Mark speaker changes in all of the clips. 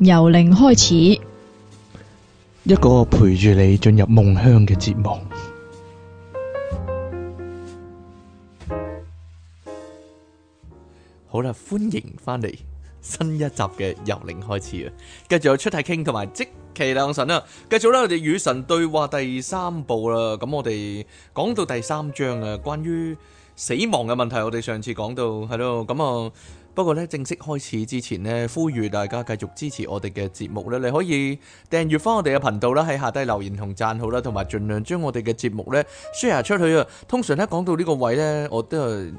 Speaker 1: 由零開始，
Speaker 2: 一個陪住你進入夢鄉嘅節目。好啦，歡迎翻嚟新一集嘅由零開始啊！繼續有出題傾同埋即其兩神啊！繼續啦，我哋與神對話第三部啦。咁我哋講到第三章啊，關於死亡嘅問題，我哋上次講到係咯，咁啊。不過咧，正式開始之前呢，呼籲大家繼續支持我哋嘅節目啦！你可以訂閱翻我哋嘅頻道啦，喺下低留言同讚好啦，同埋盡量將我哋嘅節目咧 share 出去啊！通常咧講到呢個位咧，我都係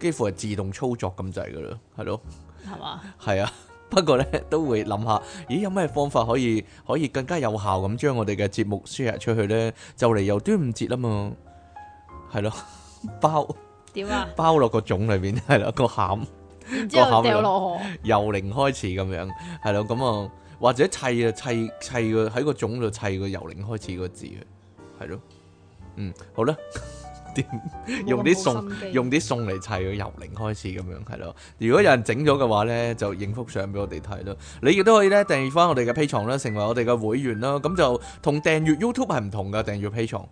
Speaker 2: 幾乎係自動操作咁滯噶啦，係咯，係嘛吧？係啊，不過咧都會諗下，咦有咩方法可以可以更加有效咁將我哋嘅節目 share 出去咧？就嚟又端午節吖嘛，係咯，包點啊？包落個粽裏邊，係啦個餡。掉落去，由零開始咁樣，係咯，咁啊，或者砌啊砌砌個喺個種度砌個由零開始個字啊，係咯，嗯，好啦，點用啲送用啲送嚟砌個由零開始咁樣，係咯，如果有人整咗嘅話咧，就影幅相俾我哋睇咯，你亦都可以咧訂閱翻我哋嘅 P 床啦，成為我哋嘅會員啦，咁就同訂閱 YouTube 係唔同噶，訂閱 P 床。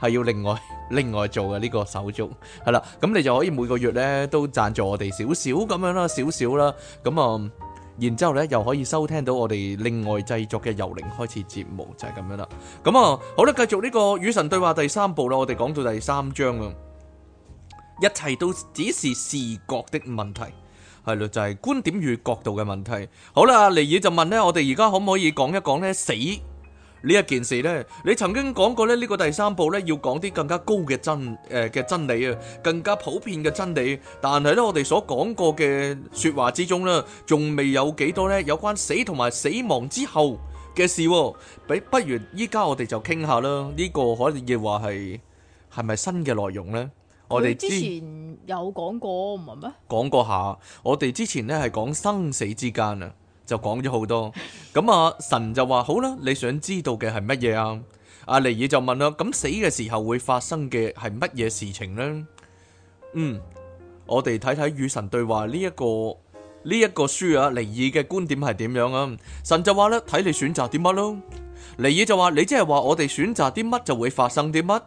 Speaker 2: 係要另外另外做嘅呢個手續係啦，咁你就可以每個月咧都贊助我哋少少咁樣啦，少少啦，咁啊，然之後咧又可以收聽到我哋另外製作嘅《幽靈開始》節目，就係咁樣啦。咁啊，好啦，繼續呢個與神對話第三部啦，我哋講到第三章啦，一切都只是視覺的問題，係咯，就係觀點與角度嘅問題。好啦，尼爾就問咧，我哋而家可唔可以講一講咧死？呢一件事呢，你曾經講過呢，呢、這個第三部呢，要講啲更加高嘅真誒嘅、呃、真理啊，更加普遍嘅真理。但係呢，我哋所講過嘅說話之中呢，仲未有幾多呢有關死同埋死亡之後嘅事。比不，不如依家我哋就傾下啦。呢、這個可以要話係係咪新嘅內容呢？我哋之前
Speaker 1: 有講過唔係咩？
Speaker 2: 講過下，我哋之前呢係講生死之間啊。就講咗好多，咁、嗯、啊，神就話好啦，你想知道嘅係乜嘢啊？阿、啊、尼爾就問啦，咁、啊、死嘅時候會發生嘅係乜嘢事情呢？嗯，我哋睇睇與神對話呢、這、一個呢一、這個書啊，尼爾嘅觀點係點樣啊？神就話咧，睇、啊、你選擇啲乜咯。尼爾就話，你即係話我哋選擇啲乜就會發生啲乜？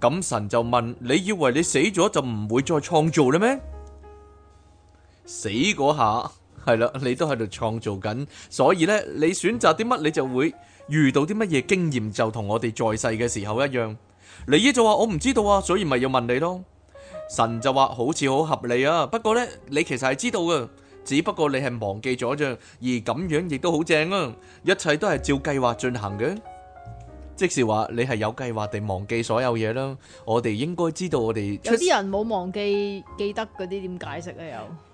Speaker 2: 咁、啊、神就問，你以為你死咗就唔會再創造啦咩？死嗰下。係啦，你都喺度創造緊，所以呢，你選擇啲乜，你就會遇到啲乜嘢經驗，就同我哋在世嘅時候一樣。尼爾就話我唔知道啊，所以咪要問你咯。神就話好似好合理啊，不過呢，你其實係知道噶，只不過你係忘記咗啫。而咁樣亦都好正啊，一切都係照計劃進行嘅，即是話你係有計劃地忘記所有嘢啦。我哋應該知道我哋有啲
Speaker 1: 人冇忘記，記得嗰啲點解釋啊？有。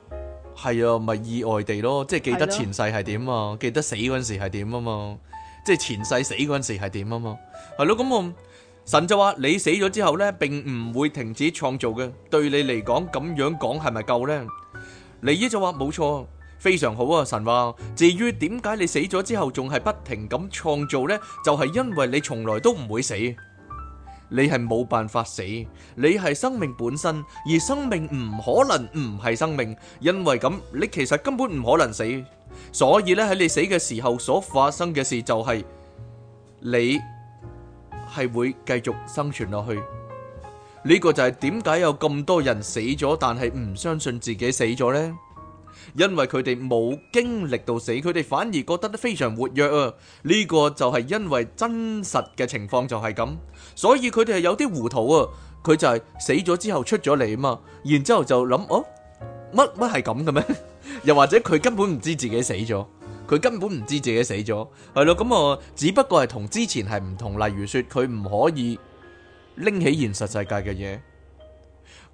Speaker 2: 係啊，咪意外地咯，即係記得前世係點啊，記得死嗰陣時係點啊嘛，即係前世死嗰陣時係點啊嘛，係咯、啊，咁、嗯、我神就話你死咗之後呢，並唔會停止創造嘅，對你嚟講咁樣講係咪夠呢？你呢就話冇錯，非常好啊！神話至於點解你死咗之後仲係不停咁創造呢？就係、是、因為你從來都唔會死。你係冇辦法死，你係生命本身，而生命唔可能唔係生命，因為咁你其實根本唔可能死，所以咧，喺你死嘅時候所發生嘅事就係你係會繼續生存落去。呢個就係點解有咁多人死咗，但係唔相信自己死咗呢？因為佢哋冇經歷到死，佢哋反而覺得非常活躍啊。呢個就係因為真實嘅情況就係咁。所以佢哋係有啲糊塗啊！佢就係死咗之後出咗嚟啊嘛，然之後就諗哦，乜乜係咁嘅咩？ 又或者佢根本唔知自己死咗，佢根本唔知自己死咗，係咯？咁我只不過係同之前係唔同，例如說佢唔可以拎起現實世界嘅嘢。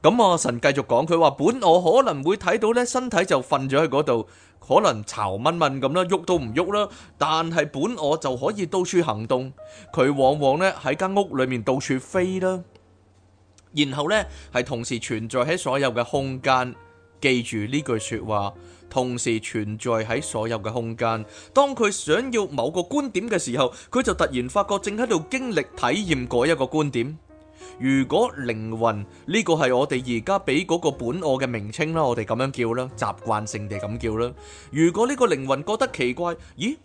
Speaker 2: 咁阿神繼續講，佢話本我可能會睇到咧，身體就瞓咗喺嗰度，可能巢蚊蚊咁啦，喐都唔喐啦。但係本我就可以到處行動，佢往往咧喺間屋裏面到處飛啦。然後咧係同時存在喺所有嘅空間，記住呢句說話，同時存在喺所有嘅空間。當佢想要某個觀點嘅時候，佢就突然發覺正喺度經歷體驗嗰一個觀點。如果靈魂呢個係我哋而家俾嗰個本我嘅名稱啦，我哋咁樣叫啦，習慣性地咁叫啦。如果呢個靈魂覺得奇怪，咦，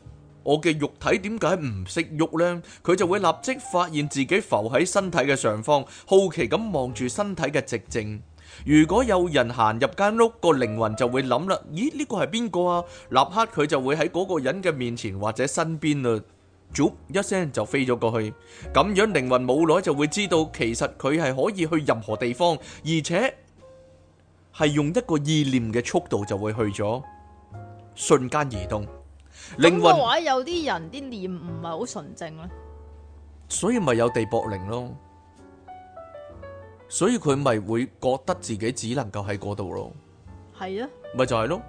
Speaker 2: 我嘅肉體點解唔識喐呢？佢就會立即發現自己浮喺身體嘅上方，好奇咁望住身體嘅寂靜。如果有人行入間屋，個靈魂就會諗啦，咦，呢個係邊個啊？立刻佢就會喺嗰個人嘅面前或者身邊嘞。一聲就飛咗過去，咁樣靈魂冇耐就會知道，其實佢係可以去任何地方，而且係用一個意念嘅速度就會去咗，瞬間移動。咁嘅話，
Speaker 1: 有啲人啲念唔係好純正咯，
Speaker 2: 所以咪有地薄靈咯，所以佢咪會覺得自己只能夠喺嗰度咯，係啊，咪就係咯。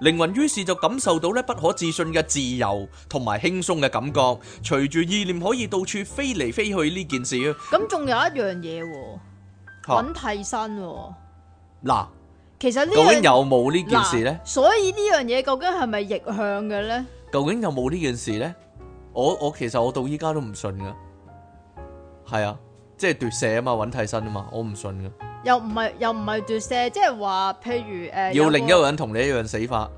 Speaker 2: 靈魂於是就感受到咧不可置信嘅自由同埋輕鬆嘅感覺，隨住意念可以到處飛嚟飛去呢件事啊！
Speaker 1: 咁仲有一樣嘢，揾替身嗱，其實呢，究竟有
Speaker 2: 冇呢件事咧？
Speaker 1: 所以呢樣嘢究竟係咪逆向嘅咧？
Speaker 2: 究竟有冇呢件事咧？我我，其實我到依家都唔信噶，係啊。即係奪舍啊嘛，揾替身啊嘛，我唔信噶。
Speaker 1: 又唔係又唔係奪舍，即係話譬如誒，呃、要一另一個人
Speaker 2: 同你一樣死法。
Speaker 1: 誒、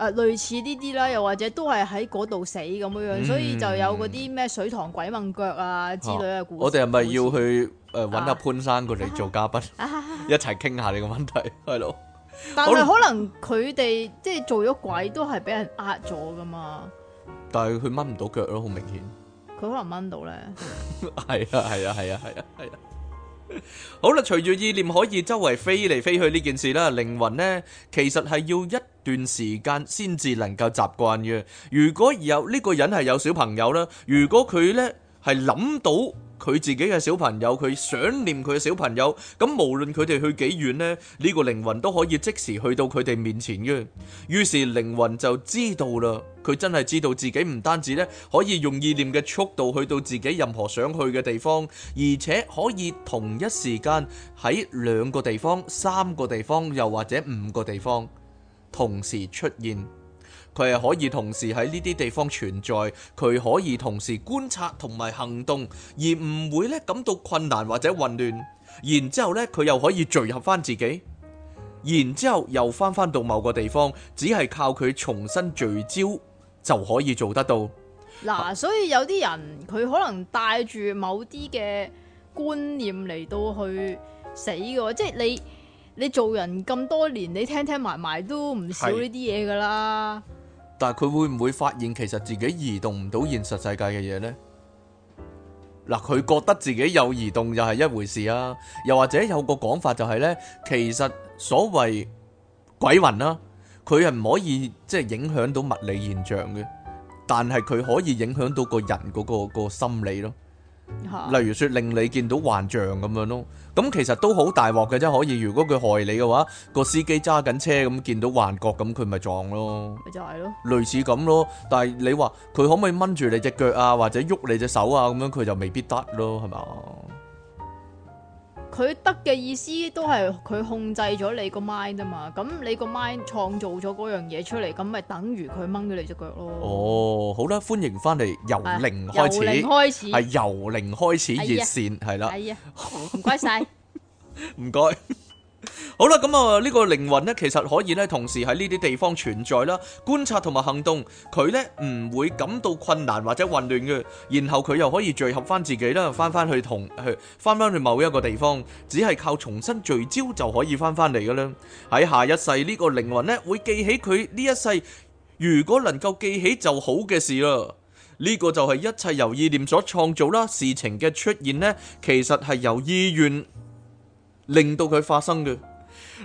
Speaker 1: 呃，類似呢啲啦，又或者都係喺嗰度死咁樣樣，嗯、所以就有嗰啲咩水塘鬼掹腳啊，啊之類嘅故事。我哋係咪要
Speaker 2: 去誒揾下潘生過嚟做嘉賓，啊啊啊、 一齊傾下你個問題，係咯？
Speaker 1: 但係可能佢哋即係做咗鬼都係俾人呃咗噶嘛。
Speaker 2: 但係佢掹唔到腳咯，好明顯。
Speaker 1: 佢可能掹到咧，
Speaker 2: 係啊係啊係啊係啊係啊，好啦，隨住意念可以周圍飛嚟飛去呢件事啦，靈魂咧其實係要一段時間先至能夠習慣嘅。如果有呢個人係有小朋友啦，如果佢咧係諗到。佢自己嘅小朋友，佢想念佢嘅小朋友。咁無論佢哋去幾遠呢，呢個靈魂都可以即時去到佢哋面前嘅。於是靈魂就知道啦，佢真係知道自己唔單止咧可以用意念嘅速度去到自己任何想去嘅地方，而且可以同一時間喺兩個地方、三個地方，又或者五個地方同時出現。佢係可以同時喺呢啲地方存在，佢可以同時觀察同埋行動，而唔會咧感到困難或者混亂。然之後呢，佢又可以聚合翻自己，然之後又翻翻到某個地方，只係靠佢重新聚焦就可以做得到。
Speaker 1: 嗱，所以有啲人佢可能帶住某啲嘅觀念嚟到去死嘅，即係你你做人咁多年，你聽聽埋埋都唔少呢啲嘢噶啦。
Speaker 2: 嗱，佢會唔會發現其實自己移動唔到現實世界嘅嘢呢？嗱，佢覺得自己有移動又係一回事啊，又或者有個講法就係呢，其實所謂鬼魂啦，佢係唔可以即係影響到物理現象嘅，但係佢可以影響到個人嗰個個心理咯。例如說令你見到幻象咁樣咯，咁其實都好大鑊嘅啫。可以，如果佢害你嘅話，個司機揸緊車咁見到幻覺咁，佢咪撞咯。咪就係咯，類似咁咯。但係你話佢可唔可以掹住你隻腳啊，或者喐你隻手啊，咁樣佢就未必得咯，係嘛？
Speaker 1: 佢得嘅意思都係佢控制咗你個 mind 啊嘛，咁你個 mind 創造咗嗰樣嘢出嚟，咁咪等於佢掹咗你隻腳咯。哦，
Speaker 2: 好啦，歡迎翻嚟，由零開始，由零開始，係由零開始熱線，係啦、係啊，好，唔該晒，唔該、哎。謝謝 好啦，咁啊，呢個靈魂呢，其實可以呢，同時喺呢啲地方存在啦，觀察同埋行動，佢呢唔會感到困難或者混亂嘅，然後佢又可以聚合翻自己啦，翻翻去同去翻翻去某一個地方，只係靠重新聚焦就可以翻翻嚟嘅啦。喺下一世，呢個靈魂呢，會記起佢呢一世，如果能夠記起就好嘅事啦。呢個就係一切由意念所創造啦，事情嘅出現呢，其實係由意願。令到佢發生嘅，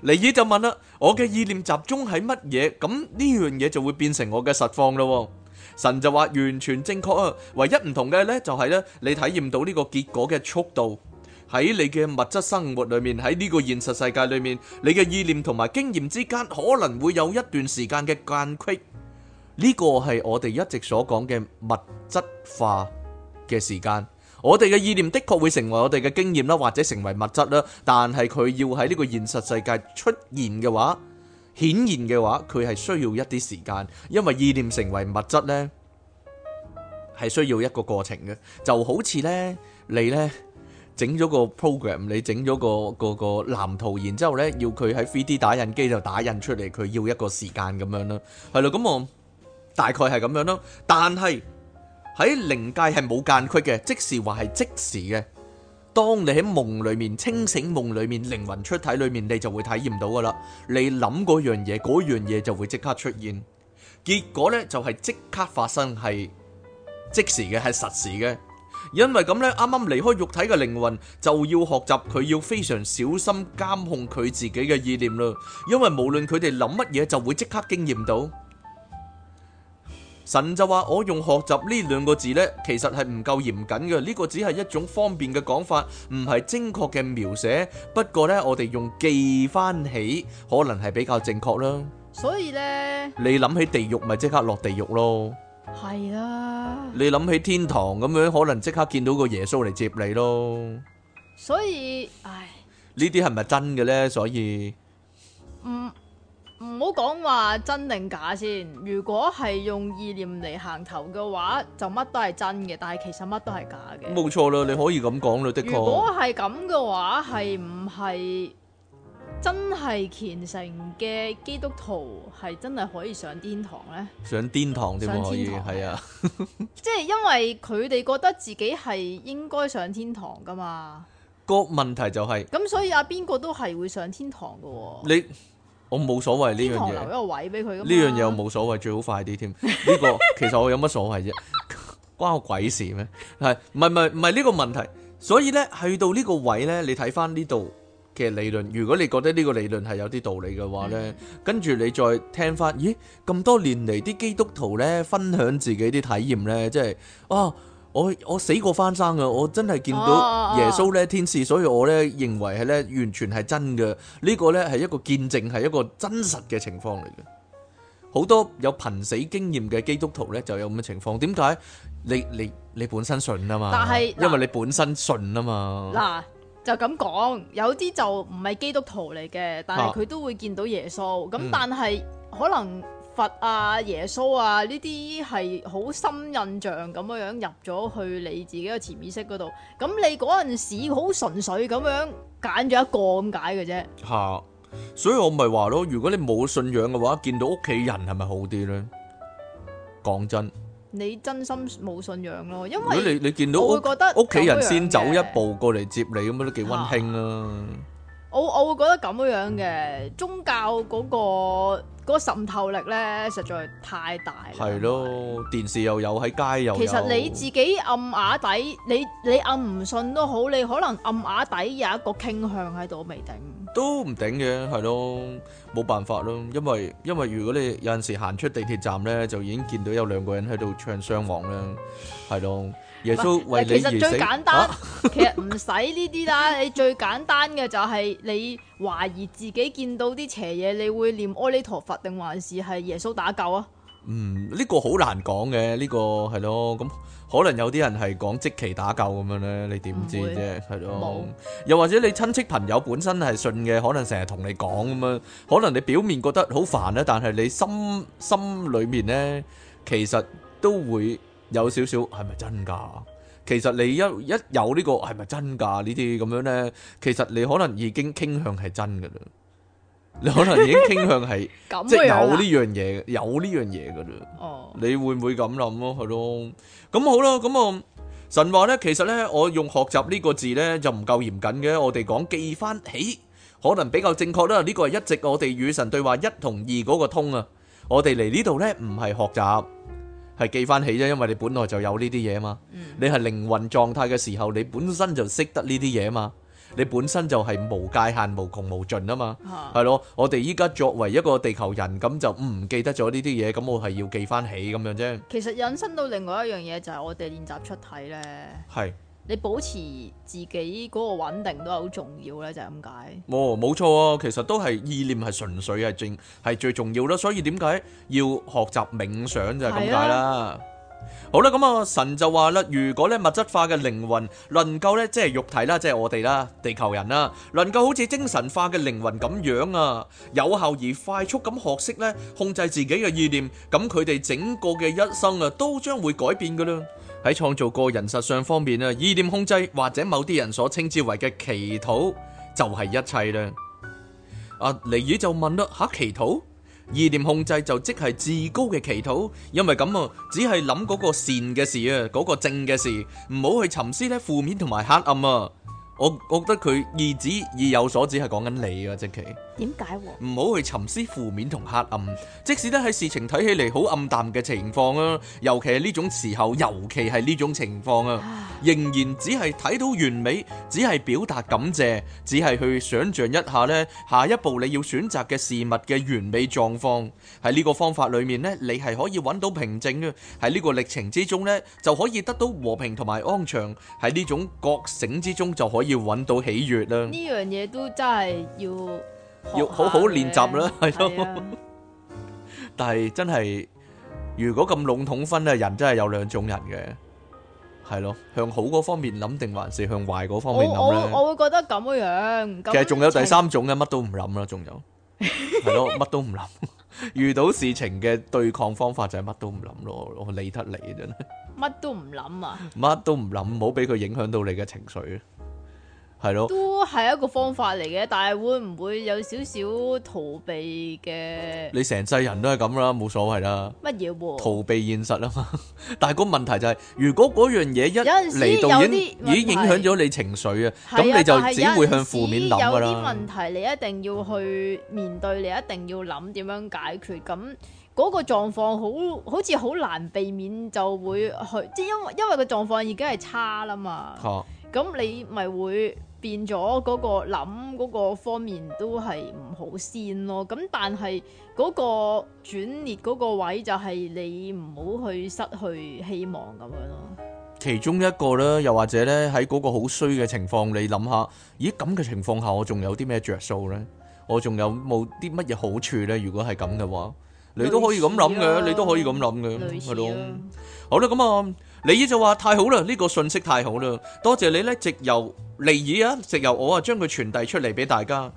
Speaker 2: 尼爾就問啦：我嘅意念集中喺乜嘢？咁呢樣嘢就會變成我嘅實況咯。神就話完全正確啊，唯一唔同嘅呢就係呢，你體驗到呢個結果嘅速度喺你嘅物質生活裏面，喺呢個現實世界裏面，你嘅意念同埋經驗之間可能會有一段時間嘅間隙。呢個係我哋一直所講嘅物質化嘅時間。我哋嘅意念的確會成為我哋嘅經驗啦，或者成為物質啦。但係佢要喺呢個現實世界出現嘅話，顯然嘅話，佢係需要一啲時間，因為意念成為物質呢，係需要一個過程嘅。就好似呢，你呢整咗個 program，你整咗個嗰個，個藍圖，然之後呢，要佢喺 3D 打印機就打印出嚟，佢要一個時間咁樣咯。係咯，咁我大概係咁樣咯。但係。喺靈界係冇間隙嘅，即時話係即時嘅。當你喺夢裏面、清醒夢裏面、靈魂出體裏面，你就會體驗到噶啦。你諗嗰樣嘢，嗰樣嘢就會即刻出現。結果呢就係即刻發生，係即時嘅，係實時嘅。因為咁呢，啱啱離開肉體嘅靈魂就要學習佢要非常小心監控佢自己嘅意念啦。因為無論佢哋諗乜嘢，就會即刻經驗到。神就話我用學習呢兩個字咧，其實係唔夠嚴謹嘅，呢個只係一種方便嘅講法，唔係精確嘅描寫。不過咧，我哋用記翻起，可能係比較正確啦。
Speaker 1: 所以咧，
Speaker 2: 你諗起地獄咪即刻落地獄咯。
Speaker 1: 係啦。
Speaker 2: 你諗起天堂咁樣，可能即刻見到個耶穌嚟接你咯。
Speaker 1: 所以，唉，
Speaker 2: 呢啲係咪真嘅咧？所以，
Speaker 1: 嗯。唔好講話真定假先。如果係用意念嚟行頭嘅話，就乜都係真嘅。但係其實乜都係假嘅。冇
Speaker 2: 錯啦，你可以咁講啦。的確，如果
Speaker 1: 係咁嘅話，係唔係真係虔誠嘅基督徒係真係可以上天堂呢？
Speaker 2: 上天堂點可以？係啊，
Speaker 1: 即係因為佢哋覺得自己係應該上天堂噶嘛。
Speaker 2: 個問題就係、是、
Speaker 1: 咁，所以阿邊個都係會上天堂噶，啊。
Speaker 2: 你我冇所謂呢樣嘢，留一個
Speaker 1: 位俾佢。呢樣嘢
Speaker 2: 我冇所謂， 最好快啲添。呢、這個其實我有乜所謂啫？關我鬼事咩？係唔係唔係唔係呢個問題？所以咧，去到呢個位咧，你睇翻呢度嘅理論，如果你覺得呢個理論係有啲道理嘅話咧，跟住、嗯、你再聽翻，咦？咁多年嚟啲基督徒咧，分享自己啲體驗咧，即係啊～、哦我我死過翻生㗎，我真係見到耶穌咧，天使，所以我咧認為係咧完全係真嘅，呢個咧係一個見證，係一個真實嘅情況嚟嘅。好多有瀕死經驗嘅基督徒咧就有咁嘅情況，點解？你你你本身信啊嘛，但係因為你本身信啊嘛，嗱
Speaker 1: 就咁講，有啲就唔係基督徒嚟嘅，但係佢都會見到耶穌，咁但係可能。佛啊、耶穌啊呢啲係好深印象咁樣樣入咗去你自己個潛意識嗰度，咁你嗰陣時好純粹咁樣揀咗一個咁解嘅啫。
Speaker 2: 吓，所以我咪話咯，如果你冇信仰嘅話，見到屋企人係咪好啲咧？講真，
Speaker 1: 你真心冇信仰咯，因為如果你你見到我會覺得屋企人先
Speaker 2: 走一步過嚟接你咁樣都幾溫馨啦。
Speaker 1: 我我會覺得咁樣嘅宗教嗰個嗰個滲透力咧，實在太大啦。係
Speaker 2: 咯，電視又有，喺街又有。其實你自
Speaker 1: 己暗瓦底，你你暗唔信都好，你可能暗瓦底有一個傾向喺度未定。
Speaker 2: 都唔定嘅，係咯，冇辦法咯，因為因為如果你有陣時行出地鐵站咧，就已經見到有兩個人喺度唱雙簧啦，係咯。耶穌為你而死。其實最簡
Speaker 1: 單，啊、 其實唔使呢啲啦。 你最簡單嘅就係你懷疑自己見到啲邪嘢，你會念阿彌陀佛定還是係耶穌打救啊？嗯，
Speaker 2: 呢、呢個好難講嘅，呢、呢個係咯。咁可能有啲人係講即期打救咁樣咧，你點知啫？係咯。又或者你親戚朋友本身係信嘅，可能成日同你講咁樣，可能你表面覺得好煩啦，但係你心心裏面咧，其實都會。有少少係咪真噶其實你一一有呢個係咪真噶呢啲咁樣咧？其實你可能已經傾向係真噶啦，你可能已經傾向係即係有呢樣嘢，有呢樣嘢噶啦。哦，你會唔會咁諗咯？係咯，咁好啦，咁啊神話咧，其實咧我用學習呢個字咧就唔夠嚴謹嘅。我哋講記翻起，可能比較正確啦。呢個係一直我哋與神對話一、同二嗰個通啊。我哋嚟呢度咧唔係學習。係記翻起啫，因為你本來就有呢啲嘢嘛。嗯、你係靈魂狀態嘅時候，你本身就識得呢啲嘢嘛。你本身就係無界限、無窮無盡啊嘛。係、啊、咯，我哋依家作為一個地球人，咁就唔記得咗呢啲嘢，咁我係要記翻起咁樣啫。
Speaker 1: 其實引申到另外一樣嘢就係、是、我哋練習出體呢。係。你保持自己嗰個穩定都係好重要咧，就係咁解。
Speaker 2: 哦，冇錯啊，其實都係意念係純粹係正係最重要咯。所以點解要學習冥想就係咁解啦。好啦，咁啊神就話啦，如果咧物質化嘅靈魂能夠咧，即係肉體啦，即係我哋啦，地球人啦，能夠好似精神化嘅靈魂咁樣啊，有效而快速咁學識咧，控制自己嘅意念，咁佢哋整個嘅一生啊都將會改變噶啦。喺創造個人實相方面啊，意念控制或者某啲人所稱之為嘅祈禱就係、是、一切啦。啊，尼宇就問啦，吓、啊、祈禱、意念控制就即係至高嘅祈禱，因為咁啊，只係諗嗰個善嘅事啊，嗰個正嘅事，唔、那、好、個、去沉思咧負面同埋黑暗啊。我我覺得佢意指意有所指，係講緊你啊，正奇。
Speaker 1: 點解？
Speaker 2: 唔好去沉思負面同黑暗，即使咧喺事情睇起嚟好暗淡嘅情況啊，尤其係呢種時候，尤其係呢種情況啊，仍然只係睇到完美，只係表達感謝，只係去想象一下咧，下一步你要選擇嘅事物嘅完美狀況。喺呢個方法裏面咧，你係可以揾到平靜嘅。喺呢個歷程之中咧，就可以得到和平同埋安詳。喺呢種覺醒之中，就可以揾到喜悅啦。呢
Speaker 1: 樣嘢都真係要。
Speaker 2: 要好好練習啦，係咯、啊。 但係真係，如果咁籠統分咧，人真係有兩種人嘅，係咯、啊，向好嗰方面諗定還是向壞嗰方面諗？我我，我會
Speaker 1: 覺得咁樣。樣其實仲有第三
Speaker 2: 種嘅，乜情都唔諗啦，仲有係咯，乜都唔諗。 遇到事情嘅對抗方法就係乜都唔諗咯，我理得你真。
Speaker 1: 乜 都唔諗
Speaker 2: 啊！乜都唔諗，唔好俾佢影響到你嘅情緒係咯，都
Speaker 1: 係一個方法嚟嘅，但係會唔會有少少逃避嘅？
Speaker 2: 你成世人都係咁啦，冇所謂啦。
Speaker 1: 乜嘢喎？逃
Speaker 2: 避現實啊嘛！ 但係個問題就係、是，如果嗰樣嘢一嚟到已經，有有已經影響咗你情緒啊，咁的你就只會向負面諗。有啲問
Speaker 1: 題你一定要去面對，你一定要諗點樣解決。咁嗰個狀況好好似好難避免，就會去即係因為因為個狀況已經係差啦嘛。咁的你咪會。變咗嗰個諗嗰個方面都係唔好先咯，咁但係嗰個轉捩嗰個位就係你唔好去失去希望咁樣咯。
Speaker 2: 其中一個咧，又或者咧喺嗰個好衰嘅情況，你諗下，咦咁嘅情況下我，我仲有啲咩着數咧？我仲有冇啲乜嘢好處咧？如果係咁嘅話，你都可以咁諗嘅，你都可以咁諗嘅，係咯。好啦，咁啊。尼爾就話，太好啦，呢、這個信息太好啦，多謝你呢，直由尼爾啊，直由我啊將佢傳遞出嚟俾大家。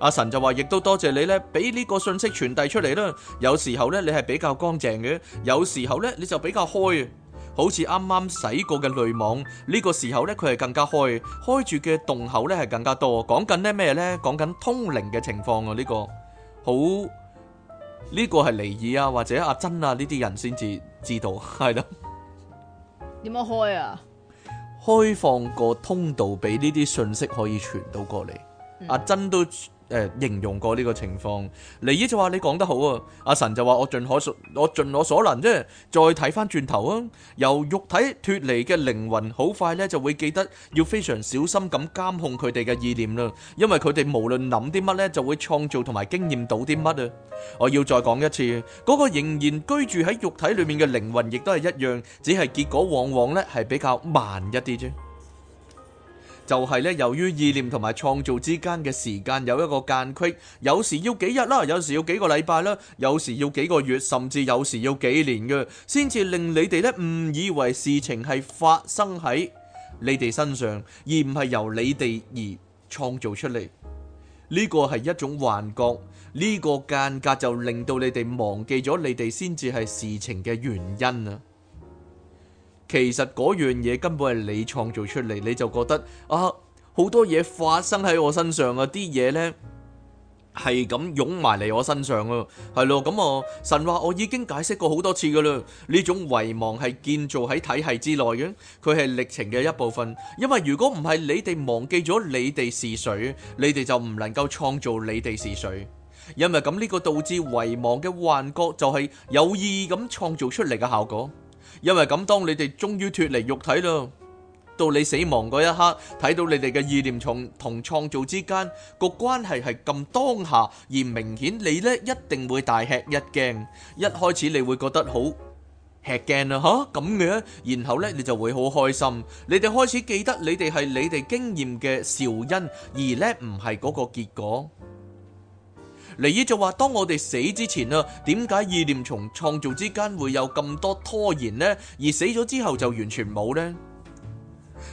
Speaker 2: 阿神就話，亦都多謝你呢，俾呢個信息傳遞出嚟啦。有時候呢，你係比較乾淨嘅，有時候呢，你就比較開，好似啱啱洗過嘅濾網，呢、這個時候呢，佢係更加開，開住嘅洞口呢係更加多。講緊呢咩呢？講緊通靈嘅情況啊，呢、這個好呢、這個係尼爾啊或者阿珍啊呢啲人先至知道係啦。
Speaker 1: 點樣開啊？
Speaker 2: 開放個通道俾呢啲信息可以傳到過嚟。嗯、阿珍都。誒形容過呢個情況，尼爾就話你講得好啊，阿神就話我盡可所我盡我所能，即係再睇翻轉頭啊，由肉體脱離嘅靈魂，好快咧就會記得要非常小心咁監控佢哋嘅意念啦，因為佢哋無論諗啲乜咧，就會創造同埋經驗到啲乜啊。我要再講一次，嗰個仍然居住喺肉體裏面嘅靈魂，亦都係一樣，只係結果往往咧係比較慢一啲啫。就係咧，由於意念同埋創造之間嘅時間有一個間隙，有時要幾日啦，有時要幾個禮拜啦，有時要幾個月，甚至有時要幾年嘅，先至令你哋咧誤以為事情係發生喺你哋身上，而唔係由你哋而創造出嚟。呢個係一種幻覺，呢個間隔就令到你哋忘記咗你哋先至係事情嘅原因啊！其實嗰樣嘢根本係你創造出嚟，你就覺得啊，好多嘢發生喺我身上啊，啲嘢呢，係咁湧埋嚟我身上咯，係咯，咁、嗯、啊神話我已經解釋過好多次噶啦，呢種遺忘係建造喺體系之內嘅，佢係歷程嘅一部分。因為如果唔係你哋忘記咗你哋是誰，你哋就唔能夠創造你哋是誰。因為咁呢、呢個導致遺忘嘅幻覺就係有意咁創造出嚟嘅效果。因為咁，當你哋終於脫離肉體咯，到你死亡嗰一刻，睇到你哋嘅意念重同創造之間個關係係咁當下而明顯，你呢一定會大吃一驚。一開始你會覺得好吃驚啦，吓咁嘅，然後呢你就會好開心。你哋開始記得你哋係你哋經驗嘅肇因，而呢唔係嗰個結果。尼爾就話：當我哋死之前啊，點解意念從創造之間會有咁多拖延呢？而死咗之後就完全冇呢？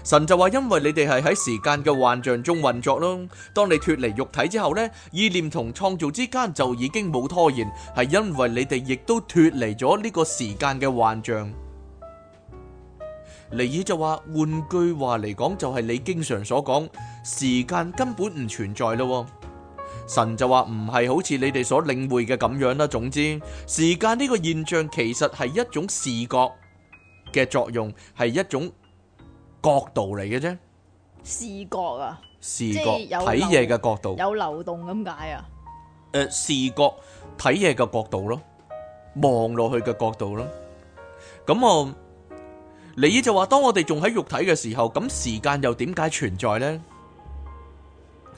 Speaker 2: 神就話：因為你哋係喺時間嘅幻象中運作咯。當你脫離肉體之後呢，意念從創造之間就已經冇拖延，係因為你哋亦都脫離咗呢個時間嘅幻象。尼爾就話：換句話嚟講，就係、是、你經常所講，時間根本唔存在咯。神就話，唔係好似你哋所領會嘅咁樣啦。總之，時間呢個現象其實係一種視覺嘅作用，係一種角度嚟嘅啫。
Speaker 1: 視覺啊，
Speaker 2: 視覺睇嘢嘅角度，有
Speaker 1: 流動咁解啊？
Speaker 2: 誒，視覺睇嘢嘅角度咯，望落去嘅角度咯。咁我你就話，當我哋仲喺肉體嘅時候，咁時間又點解存在呢？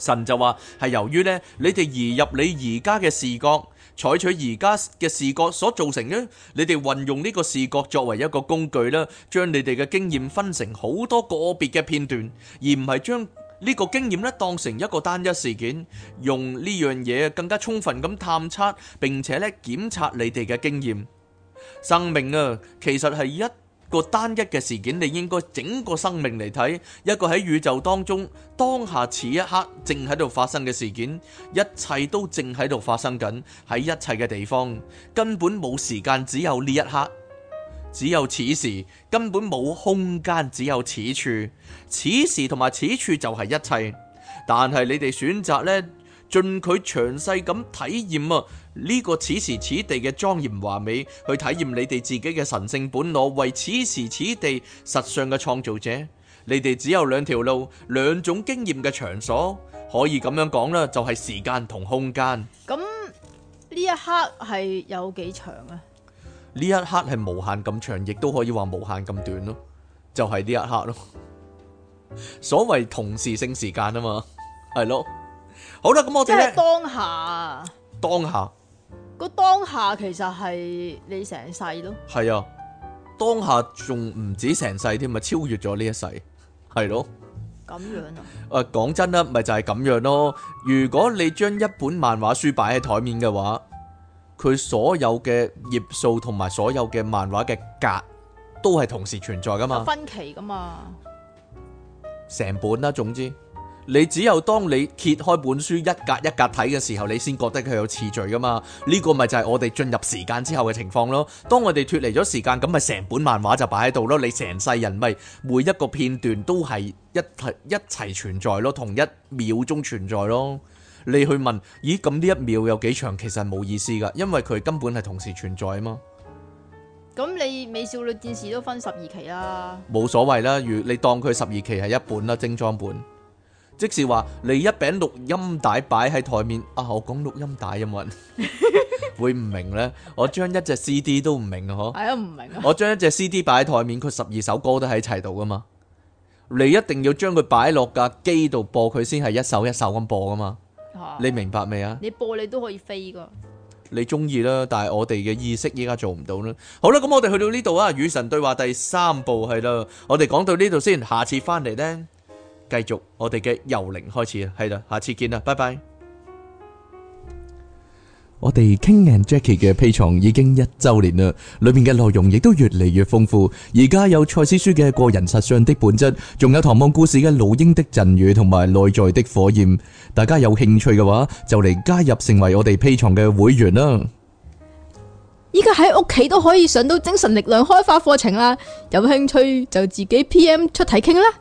Speaker 2: 神就話係由於咧，你哋移入你而家嘅視覺，採取而家嘅視覺所造成嘅，你哋運用呢個視覺作為一個工具啦，將你哋嘅經驗分成好多個別嘅片段，而唔係將呢個經驗咧當成一個單一事件，用呢樣嘢更加充分咁探測，並且咧檢測你哋嘅經驗。生命啊，其實係一個單一嘅事件，你應該整個生命嚟睇，一個喺宇宙當中當下此一刻正喺度發生嘅事件，一切都正喺度發生緊，喺一切嘅地方根本冇時間，只有呢一刻，只有此時，根本冇空間，只有此處，此時同埋此處就係一切，但係你哋選擇呢。盡佢詳細咁體驗啊！呢個此時此地嘅莊嚴華美，去體驗你哋自己嘅神聖本我，為此時此地實相嘅創造者。你哋只有兩條路，兩種經驗嘅場所，可以咁樣講啦，就係時間同空間。
Speaker 1: 咁呢一刻係有幾長啊？
Speaker 2: 呢一刻係無限咁長，亦都可以話無限咁短咯，就係呢一刻咯。所謂同時性時間啊嘛，係咯。好啦，咁我即係
Speaker 1: 當下，當下個當下其實係你成世咯，
Speaker 2: 係啊，當下仲唔止成世添，咪超越咗呢一世，係咯、啊，
Speaker 1: 咁、嗯、樣
Speaker 2: 啊？誒、啊，講真啦，咪就係、是、咁樣咯、啊。如果你將一本漫畫書擺喺台面嘅話，佢所有嘅頁數同埋所有嘅漫畫嘅格都係同時存在噶嘛？分期噶嘛？成本啦、啊，總之。你只有當你揭開本書一格一格睇嘅時候，你先覺得佢有次序㗎嘛？呢個咪就係我哋進入時間之後嘅情況咯。當我哋脫離咗時間，咁咪成本漫畫就擺喺度咯。你成世人咪每一個片段都係一一齊存在咯，同一秒鐘存在咯。你去問，咦？咁呢一秒有幾長？其實冇意思㗎，因為佢根本係同時存在啊嘛。
Speaker 1: 咁你美少女戰士都分十二期啦，
Speaker 2: 冇所謂啦。如你當佢十二期係一本啦，精裝本。即是話你一餅錄音帶擺喺台面，啊，我講錄音帶有冇人會唔明呢？我將一隻 C D 都唔明啊，嗬？
Speaker 1: 係啊，唔明。我
Speaker 2: 將一隻 C D 擺喺台面，佢十二首歌都喺齊度噶嘛？你一定要將佢擺落架機度播，佢先係一首一首咁播噶嘛？ 你明白未啊？
Speaker 1: 你播你都可以飛噶。
Speaker 2: 你中意啦，但係我哋嘅意識依家做唔到啦。嗯、好啦，咁我哋去到呢度啊，與神對話第三部係啦，我哋講到呢度先，下次翻嚟呢。繼續我哋嘅由零開始啊，係啦，下次見啦，拜拜。我哋 King and Jackie 嘅 Patreon 已經一周年啦，裏面嘅內容亦都越嚟越豐富。而家有賽斯書嘅《個人實相的本質》，仲有唐望故事嘅《老鷹的陣雨》同埋《內在的火焰》。大家有興趣嘅話，就嚟加入成為我哋 Patreon 嘅會員啦。
Speaker 1: 依家喺屋企都可以上到精神力量開發課程啦，有興趣就自己 PM 出題傾啦。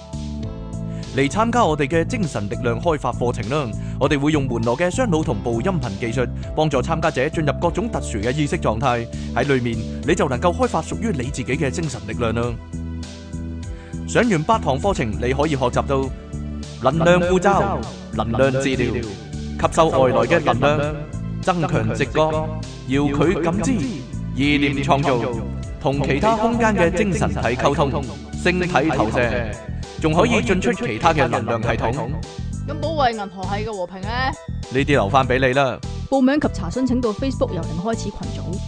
Speaker 2: 嚟參加我哋嘅精神力量開發課程啦！我哋會用門羅嘅雙腦同步音頻技術，幫助參加者進入各種特殊嘅意識狀態。喺裏面你就能夠開發屬於你自己嘅精神力量啦！上完八堂課程，你可以學習到能量護罩、能量治療、吸收外來嘅能量、增強直覺、遙距感知、意念創造、同其他空間嘅精神體溝通、星體投射。仲可以進出其他嘅能量系統。
Speaker 1: 咁保衛銀河系嘅和平咧？
Speaker 2: 呢啲留翻俾你啦。
Speaker 1: 報名及查詢請到 Facebook 由零開始群組。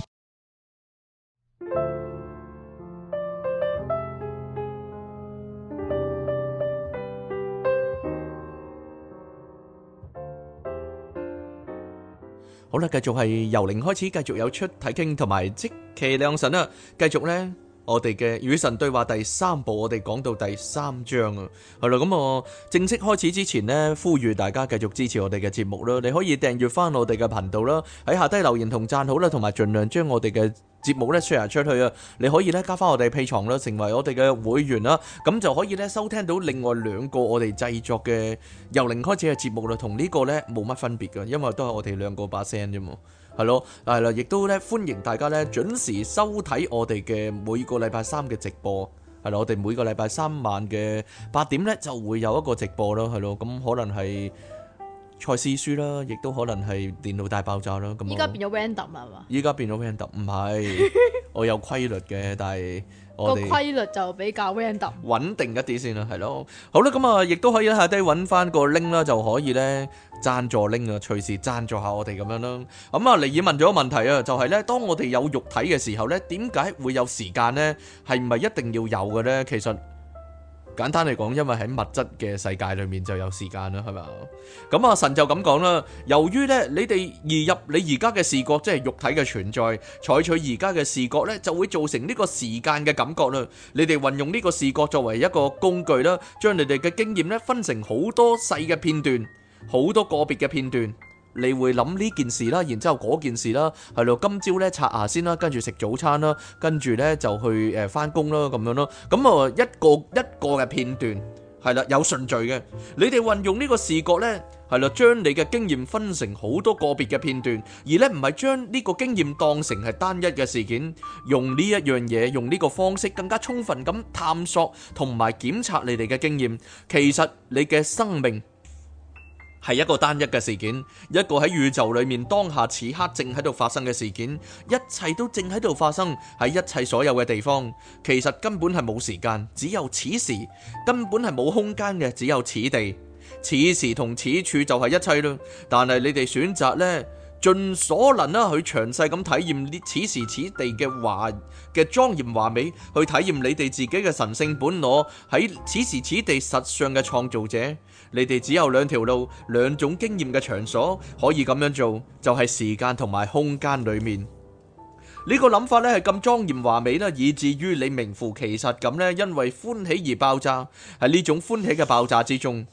Speaker 2: 好啦，繼續係由零開始，繼續有出睇傾同埋即其良神啊！繼續咧。我哋嘅與神對話第三部，我哋講到第三章啊，係啦，咁我正式開始之前呢，呼籲大家繼續支持我哋嘅節目啦，你可以訂閱翻我哋嘅頻道啦，喺下低留言同讚好啦，同埋盡量將我哋嘅節目咧 share 出去啊，你可以咧加翻我哋 Patreon 啦，成為我哋嘅會員啦，咁就可以咧收聽到另外兩個我哋製作嘅由零開始嘅節目啦，同呢個咧冇乜分別㗎，因為都係我哋兩個把聲啫嘛。係咯，係啦，亦都咧，歡迎大家咧準時收睇我哋嘅每個禮拜三嘅直播，係啦，我哋每個禮拜三晚嘅八點咧就會有一個直播啦，係咯，咁可能係賽斯書啦，亦都可能係電腦大爆炸啦，咁而家變咗 random 啦係嘛？而家變咗 random？唔係，我有規律嘅，但係。個規
Speaker 1: 律就比較
Speaker 2: 穩定一，一啲先啦，係咯。好啦，咁啊，亦都可以喺下低揾翻個 link 啦，就可以咧贊助拎啊，隨時贊助下我哋咁樣啦。咁、嗯、啊，尼爾問咗個問題啊，就係、是、咧，當我哋有肉體嘅時候咧，點解會有時間咧？係唔係一定要有嘅咧？其實。簡單嚟講，因為喺物質嘅世界裏面就有時間啦，係咪？咁、啊、阿神就咁講啦。由於呢，你哋移入你而家嘅視覺，即係肉體嘅存在，採取而家嘅視覺呢，就會造成呢個時間嘅感覺啦。你哋運用呢個視覺作為一個工具啦，將你哋嘅經驗呢，分成好多細嘅片段，好多個別嘅片段。你會諗呢件事啦，然之後嗰件事啦，係咯，今朝咧刷牙先啦，跟住食早餐啦，跟住咧就去誒翻工啦，咁樣咯，咁啊一個一個嘅片段，係啦，有順序嘅。你哋運用呢個視覺咧，係咯，將你嘅經驗分成好多個別嘅片段，而咧唔係將呢個經驗當成係單一嘅事件，用呢一樣嘢，用呢個方式更加充分咁探索同埋檢查你哋嘅經驗。其實你嘅生命，係一個單一嘅事件，一個喺宇宙裏面當下此刻正喺度發生嘅事件，一切都正喺度發生喺一切所有嘅地方。其實根本係冇時間，只有此時；根本係冇空間嘅，只有此地。此時同此處就係一切囉。但係你哋選擇呢？盡所能啦，去詳細咁體驗呢此時此地嘅華嘅莊嚴華美，去體驗你哋自己嘅神聖本我喺此時此地實相嘅創造者。你哋只有兩條路，兩種經驗嘅場所可以咁樣做，就係、是、時間同埋空間裏面。呢、這個諗法咧係咁莊嚴華美啦，以至於你名副其實咁咧，因為歡喜而爆炸，喺呢種歡喜嘅爆炸之中。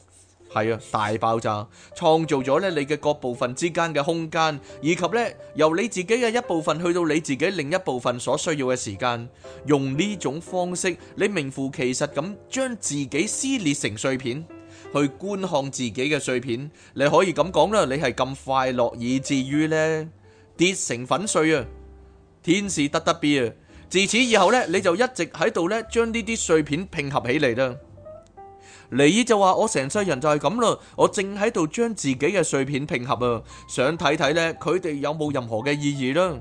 Speaker 2: 係啊，大爆炸創造咗咧你嘅各部分之間嘅空間，以及咧由你自己嘅一部分去到你自己另一部分所需要嘅時間。用呢種方式，你名副其實咁將自己撕裂成碎片，去觀看自己嘅碎片。你可以咁講啦，你係咁快樂，以至於呢跌成粉碎啊！天使得得 B 啊！自此以後呢，你就一直喺度呢將呢啲碎片拼合起嚟啦。你就話：我成世人就係咁啦，我正喺度將自己嘅碎片拼合啊，想睇睇呢，佢哋有冇任何嘅意義啦。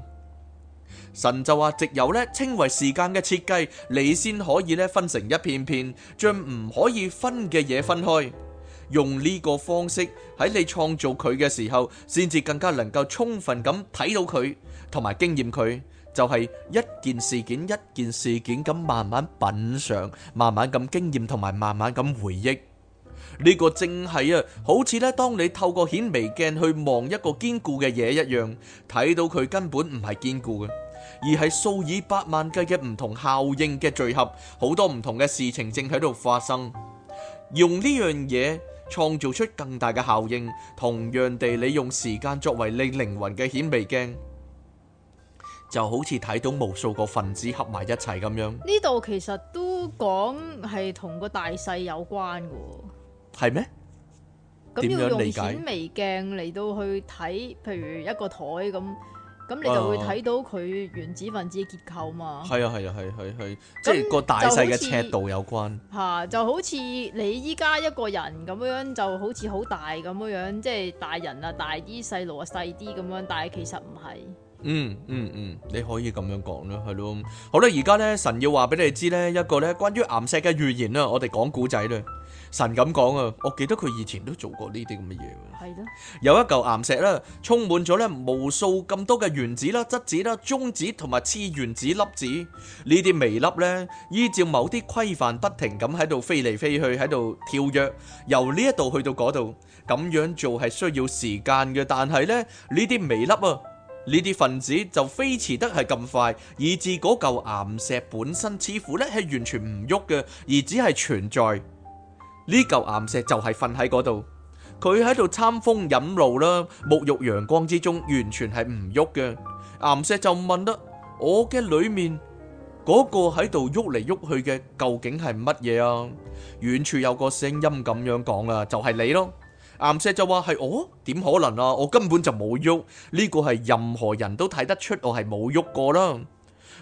Speaker 2: 神就話：藉由呢稱為時間嘅設計，你先可以呢分成一片片，將唔可以分嘅嘢分開，用呢個方式喺你創造佢嘅時候，先至更加能夠充分咁睇到佢，同埋經驗佢。就係一件事件一件事件咁慢慢品嚐，慢慢咁經驗同埋慢慢咁回憶，呢個正係啊，好似咧當你透過顯微鏡去望一個堅固嘅嘢一樣，睇到佢根本唔係堅固嘅，而係數以百萬計嘅唔同效應嘅聚合，好多唔同嘅事情正喺度發生，用呢樣嘢創造出更大嘅效應，同樣地，你用時間作為你靈魂嘅顯微鏡。就好似睇到無數個分子合埋一齊咁樣。呢
Speaker 1: 度其實都講係同個大細有關噶。
Speaker 2: 係咩嗎？咁這樣 要用顯
Speaker 1: 微鏡嚟到去睇，譬如一個台咁，咁你就會睇到佢原子分子嘅結構嘛。係啊
Speaker 2: 係啊係係係，嗯、即係個大細嘅尺度有關。
Speaker 1: 吓， 就好似你依家一個人咁樣，就好似好大咁樣樣，即係大人啊大啲，細路啊細啲咁樣，但係其實唔係。
Speaker 2: 嗯嗯嗯，你可以咁樣講咯，係咯，好啦，而家咧神要話俾你知咧一個咧關於岩石嘅預言啦，我哋講古仔啦，神咁講啊，我記得佢以前都做過呢啲咁嘅嘢嘅，係咯，有一嚿岩石啦，充滿咗咧無數咁多嘅原子啦、質子啦、中子同埋次原子粒子呢啲微粒咧，依照某啲規範不停咁喺度飛嚟飛去，喺度跳躍，由呢一度去到嗰度，咁樣做係需要時間嘅，但係咧呢啲微粒啊。呢啲分子就飛馳得係咁快，以至嗰嚿岩石本身似乎咧係完全唔喐嘅，而只係存在。呢嚿岩石就係瞓喺嗰度，佢喺度參風飲露啦，沐浴陽光之中，完全係唔喐嘅。岩石就問得：「我嘅裏面嗰、個喺度喐嚟喐去嘅，究竟係乜嘢啊？」遠處有個聲音咁樣講啊，就係、係、你咯。岩石就話係哦，點可能啊？我根本就冇喐，呢個係任何人都睇得出我係冇喐過啦。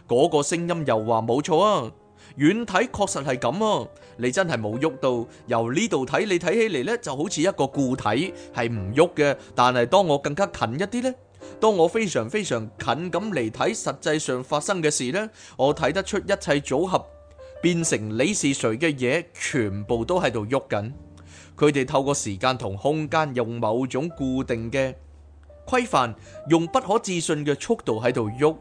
Speaker 2: 嗰個聲音又話冇錯啊，遠睇確實係咁啊。你真係冇喐到，由呢度睇你睇起嚟，呢就好似一個固體，係唔喐嘅。但係當我更加近一啲呢，當我非常非常近咁嚟睇，實際上發生嘅事呢，我睇得出一切組合，變成你是誰嘅嘢，全部都喺度喐緊。佢哋透過時間同空間，用某種固定嘅規範，用不可置信嘅速度喺度喐，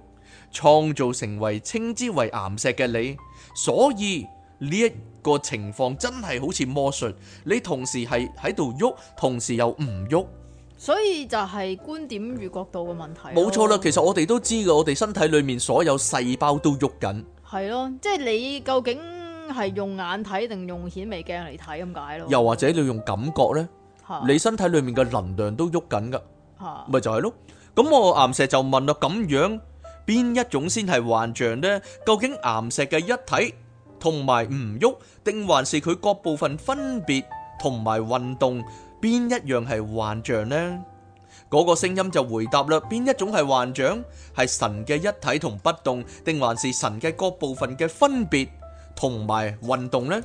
Speaker 2: 創造成為稱之為岩石嘅你。所以呢一個情況真係好似魔術，你同時係喺度喐，同時又唔喐。
Speaker 1: 所以就係觀點與角度嘅問題。冇錯啦，其
Speaker 2: 實我哋都知嘅，我哋身體裏面所有細胞都喐緊。
Speaker 1: 係咯，即係你究竟係用眼睇，定用顯微鏡嚟睇咁解咯？又或
Speaker 2: 者你用感覺呢？你身體裏面嘅能量都喐緊噶，咪就係咯。咁我岩石就問啦：咁樣邊一種先係幻象呢？究竟岩石嘅一體同埋唔喐，定還是佢各部分分別同埋運動？邊一樣係幻象呢？嗰個聲音就回答啦：邊一種係幻象？係神嘅一體同不動，定還是神嘅各部分嘅分別？同埋運動呢，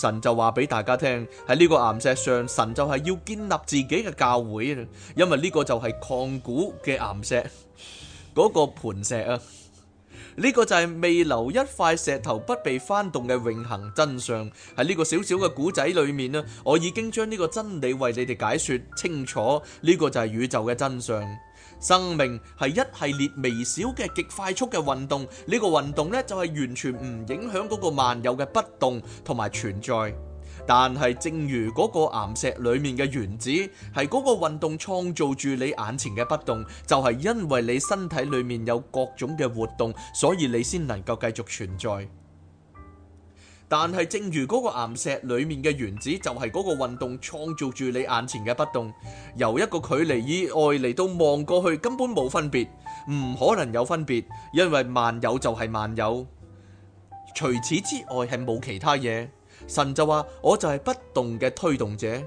Speaker 2: 神就話俾大家聽，喺呢個岩石上，神就係要建立自己嘅教會，因為呢個就係曠古嘅岩石，嗰、那個磐石啊，呢、這個就係未留一塊石頭不被翻動嘅永恒真相。喺呢個小小嘅古仔裏面咧，我已經將呢個真理為你哋解說清楚，呢、這個就係宇宙嘅真相。生命係一系列微小嘅極快速嘅運動，呢個運動呢就係完全唔影響嗰個萬有嘅不動同埋存在。但係正如嗰個岩石裡面嘅原子，係嗰個運動創造住你眼前嘅不動，就係因為你身體裡面有各種嘅活動，所以你先能夠繼續存在。但係，正如嗰個岩石裡面嘅原子，就係嗰個運動創造住你眼前嘅不動，由一個距離以外嚟到望過去，根本冇分別，唔可能有分別，因為萬有就係萬有，除此之外，係冇其他嘢。神就話：我就係不動嘅推動者。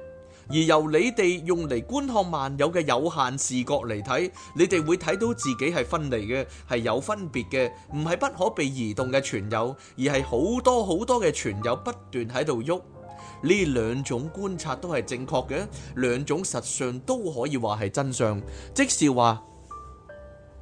Speaker 2: 而由你哋用嚟觀看萬有嘅有限視覺嚟睇，你哋會睇到自己係分離嘅，係有分別嘅，唔係不可被移動嘅全有，而係好多好多嘅全有不斷喺度喐。呢兩種觀察都係正確嘅，兩種實相都可以話係真相，即是話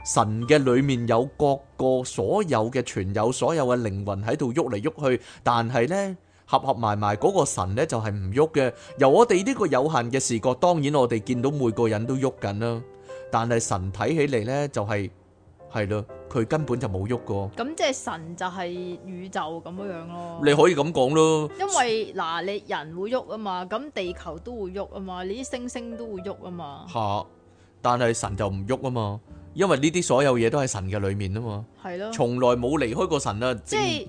Speaker 2: 神嘅裡面有各個所有嘅全有，所有嘅靈魂喺度喐嚟喐去，但係呢。合合埋埋嗰個神呢就係唔喐嘅。由我哋呢個有限嘅視覺，當然我哋見到每個人都喐緊啦，但係神睇起嚟呢就係係咯，佢根本就冇喐過。
Speaker 1: 咁即係神就係宇宙咁樣咯。
Speaker 2: 你可以咁講咯，
Speaker 1: 因為嗱你人會喐啊嘛，咁地球都會喐啊嘛，你啲星星都會喐啊嘛。
Speaker 2: 吓，但係神就唔喐啊嘛，因為呢啲所有嘢都係神嘅裏面啊嘛，係咯，從來冇離開過神啊，即
Speaker 1: 係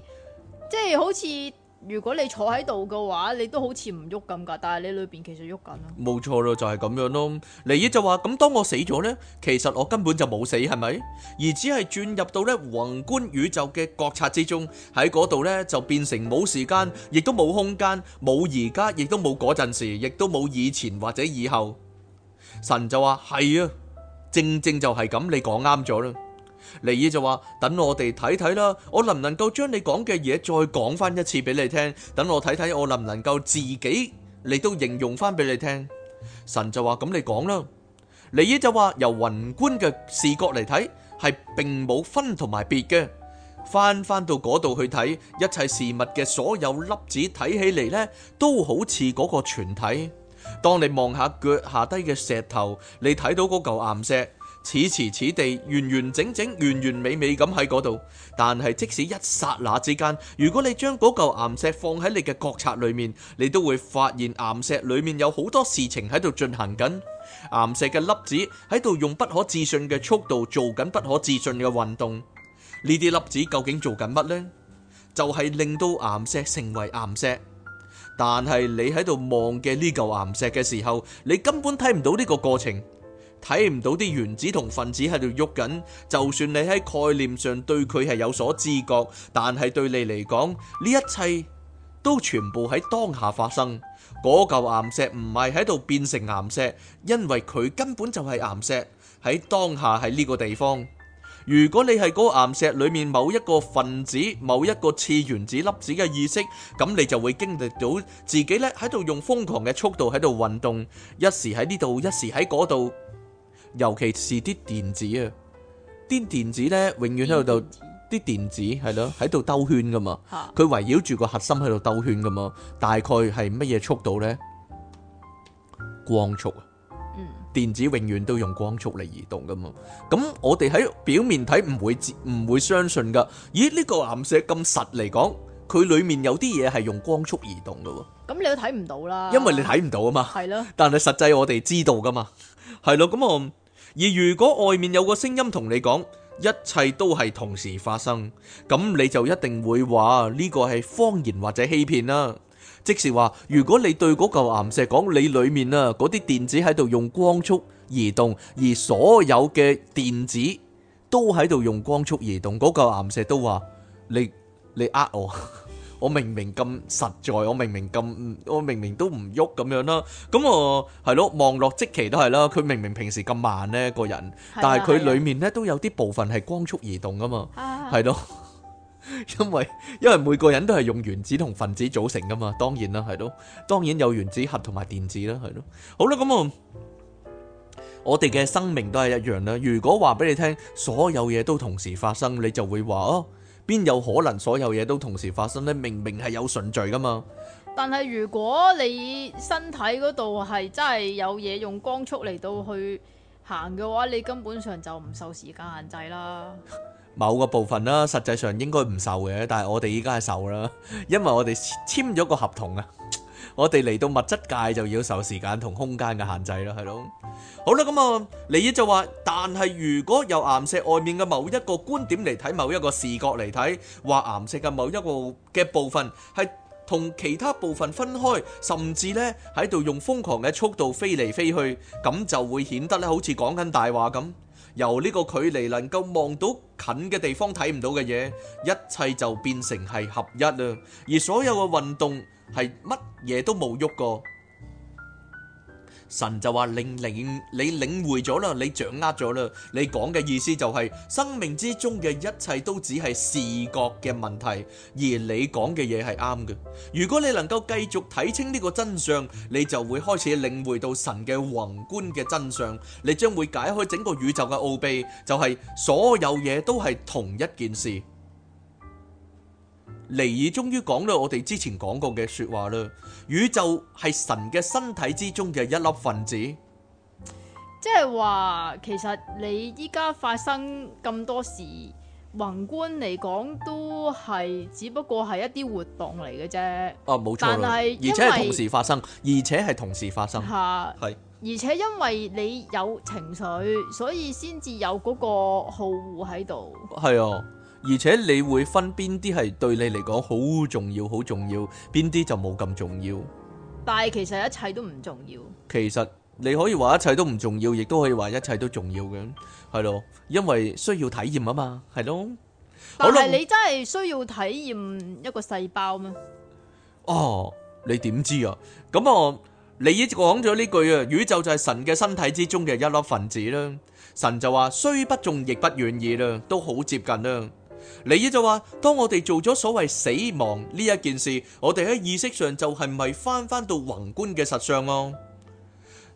Speaker 1: 即係好似。如果你坐喺度嘅話，你都好似唔喐咁噶，但係你裏邊其實喐緊啦。
Speaker 2: 冇錯咯，就係咁樣咯。尼耶就話：咁當我死咗呢，其實我根本就冇死，係咪？而只係轉入到呢宏觀宇宙嘅覺察之中，喺嗰度呢，就變成冇時間，亦都冇空間，冇而家，亦都冇嗰陣時，亦都冇以前或者以後。神就話：係啊，正正就係咁，你講啱咗啦。尼爾就話：等我哋睇睇啦，我能唔能夠將你講嘅嘢再講翻一次俾你聽？等我睇睇，我能唔能夠自己你都形容翻俾你聽？神就話：咁你講啦。尼爾就話：由宏觀嘅視角嚟睇，係並冇分同埋別嘅。翻翻到嗰度去睇，一切事物嘅所有粒子睇起嚟呢，都好似嗰個全體。當你望下腳下低嘅石頭，你睇到嗰嚿岩石，此時此此地，完完整整、完完美美咁喺嗰度。但係即使一刹那之間，如果你將嗰嚿岩石放喺你嘅覺察裏面，你都會發現岩石裏面有好多事情喺度進行緊。岩石嘅粒子喺度用不可置信嘅速度做緊不可置信嘅運動。呢啲粒子究竟做緊乜呢？就係、是、令到岩石成為岩石。但係你喺度望嘅呢嚿岩石嘅時候，你根本睇唔到呢個過程。睇唔到啲原子同分子喺度喐緊，就算你喺概念上對佢係有所知覺，但係對你嚟講，呢一切都全部喺當下發生。嗰嚿岩石唔係喺度變成岩石，因為佢根本就係岩石喺當下喺呢個地方。如果你係嗰個岩石裏面某一個分子、某一個次原子粒子嘅意識，咁你就會經歷到自己咧喺度用瘋狂嘅速度喺度運動，一時喺呢度，一時喺嗰度。尤其是啲電子啊，啲電子咧永遠喺度，就啲電子係咯喺度兜圈噶嘛，佢圍繞住個核心喺度兜圈噶嘛，大概係乜嘢速度咧？光速啊，電子永遠都用光速嚟移動噶嘛。咁我哋喺表面睇唔會唔會相信噶。咦？呢、這個岩石咁實嚟講，佢裏面有啲嘢係用光速移動噶喎。
Speaker 1: 咁你都睇唔到啦，
Speaker 2: 因為你睇唔到啊嘛。係咯的，但係實際我哋知道噶嘛。係咯，咁我。而如果外面有個聲音同你講一切都係同時發生，咁你就一定會話呢個係謊言或者欺騙啦。即是話，如果你對嗰嚿岩石講你裏面啊嗰啲電子喺度用光速移動，而所有嘅電子都喺度用光速移動，嗰嚿岩石都話你你呃我。我明明咁實在，我明明咁，我明明都唔喐咁樣啦。咁我，係咯，望落即期都係啦。佢明明平時咁慢呢個人，但係佢裏面呢都有啲部分係光速移動噶嘛，係咯。因為因為每個人都係用原子同分子組成噶嘛，當然啦，係咯，當然有原子核同埋電子啦，係咯。好啦，咁我我哋嘅生命都係一樣啦。如果話俾你聽，所有嘢都同時發生，你就會話哦。邊有可能所有嘢都同時發生呢？明明係有順序噶嘛。
Speaker 1: 但係如果你身體嗰度係真係有嘢用光速嚟到去行嘅話，你根本上就唔受時間限制啦。
Speaker 2: 某個部分啦，實際上應該唔受嘅，但係我哋依家係受啦，因為我哋簽咗個合同啊。我哋嚟到物質界就要受時間同空間嘅限制啦，係咯。好啦，咁啊，李姨就話，但係如果由岩石外面嘅某一個觀點嚟睇，某一個視角嚟睇，話岩石嘅某一個嘅部分係同其他部分分開，甚至咧喺度用瘋狂嘅速度飛嚟飛去，咁就會顯得咧好似講緊大話咁。由呢個距離能夠望到近嘅地方睇唔到嘅嘢，一切就變成係合一啦。而所有嘅運動，係乜嘢都冇喐過，神就話：令令，你領會咗啦，你掌握咗啦，你講嘅意思就係生命之中嘅一切都只係視覺嘅問題，而你講嘅嘢係啱嘅。如果你能夠繼續睇清呢個真相，你就會開始領會到神嘅宏觀嘅真相，你將會解開整個宇宙嘅奧秘，就係所有嘢都係同一件事。尼爾終於講到我哋之前講過嘅説話啦，宇宙係神嘅身體之中嘅一粒分子，
Speaker 1: 即係話其實你依家發生咁多事，宏觀嚟講都係只不過係一啲活動嚟嘅啫。
Speaker 2: 啊，冇錯啦，但係為而且係同時發生，而且係同時發生，係、啊，是
Speaker 1: 而且因為你有情緒，所以先至有嗰個浩瀚喺度，係啊。
Speaker 2: 而且你會分邊啲係對你嚟講好重要、好重要，邊啲就冇咁重要。
Speaker 1: 但係其實一切都唔重要。
Speaker 2: 其實你可以話一切都唔重要，亦都可以話一切都重要嘅，係咯？因為需要體驗啊嘛，係咯？但係你
Speaker 1: 真係需要體驗一個細胞咩？
Speaker 2: 哦，你點知啊？咁啊，你一直講咗呢句啊，宇宙就係神嘅身體之中嘅一粒分子啦。神就話：雖不重，亦不遠矣啦，都好接近啦。你依就話，當我哋做咗所謂死亡呢一件事，我哋喺意識上就係咪翻翻到宏觀嘅實相咯？啊？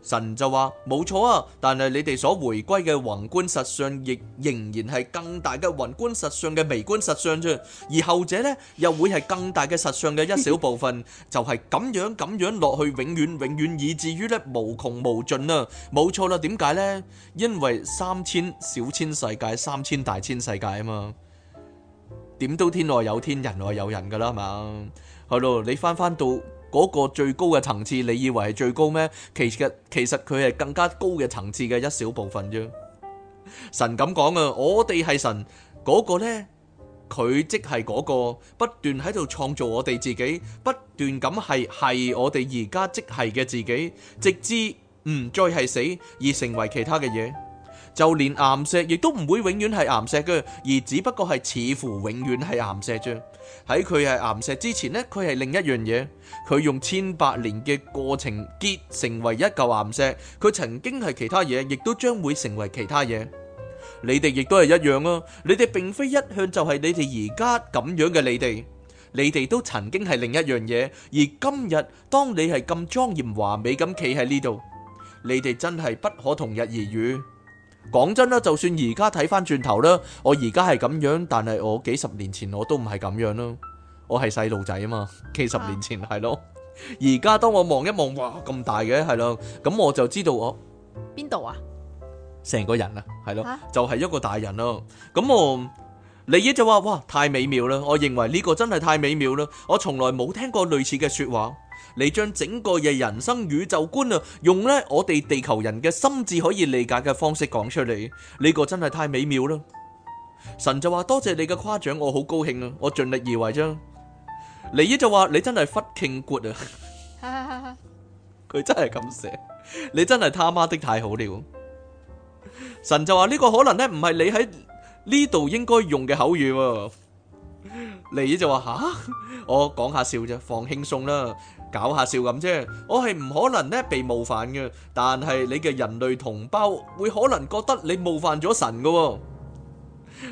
Speaker 2: 神就話冇錯啊，但係你哋所回歸嘅宏觀實相，亦仍然係更大嘅宏觀實相嘅微觀實相啫。而後者呢，又會係更大嘅實相嘅一小部分， 就係咁樣咁樣落去，永遠永遠，以至於咧無窮無盡啊。冇錯啦，點解呢？因為三千小千世界，三千大千世界啊嘛。點都天外有天，人外有人噶啦，係咪？係咯， 你翻翻到嗰個最高嘅層次，你以為係最高咩？其實其實佢係更加高嘅層次嘅一小部分啫。神咁講啊，我哋係神嗰個呢，佢即係嗰個不斷喺度創造我哋自己，不斷咁係係我哋而家即係嘅自己，直至唔再係死而成為其他嘅嘢。就連岩石亦都唔會永遠係岩石嘅，而只不過係似乎永遠係岩石啫。喺佢係岩石之前呢，佢係另一樣嘢。佢用千百年嘅過程結成為一嚿岩石，佢曾經係其他嘢，亦都將會成為其他嘢。你哋亦都係一樣啊！你哋並非一向就係你哋而家咁樣嘅你哋，你哋都曾經係另一樣嘢。而今日當你係咁莊嚴華美咁企喺呢度，你哋真係不可同日而語。講真啦，就算而家睇翻轉頭啦，我而家係咁樣，但係我幾十年前我都唔係咁樣咯。我係細路仔啊嘛，幾十年前係咯。而家、啊、當我望一望，哇咁大嘅係咯，咁我就知道我邊度啊？成個人啊，係咯，就係、是、一個大人咯。咁我李易就話：哇，太美妙啦！我認為呢個真係太美妙啦。我從來冇聽過類似嘅說話。你將整個嘅人生宇宙觀啊，用呢我哋地球人嘅心智可以理解嘅方式講出嚟，呢、這個真係太美妙啦！神就話，多謝你嘅誇獎，我好高興啊，我盡力而為啫。尼一就話，你真係 fucking good 啊，佢真係咁寫，你真係他媽的太好了。神就話呢、這個可能呢，唔係你喺呢度應該用嘅口語、啊利伊就話吓，我講下笑啫，放輕鬆啦，搞下笑咁啫。我係唔可能咧被冒犯嘅，但係你嘅人類同胞會可能覺得你冒犯咗神嘅。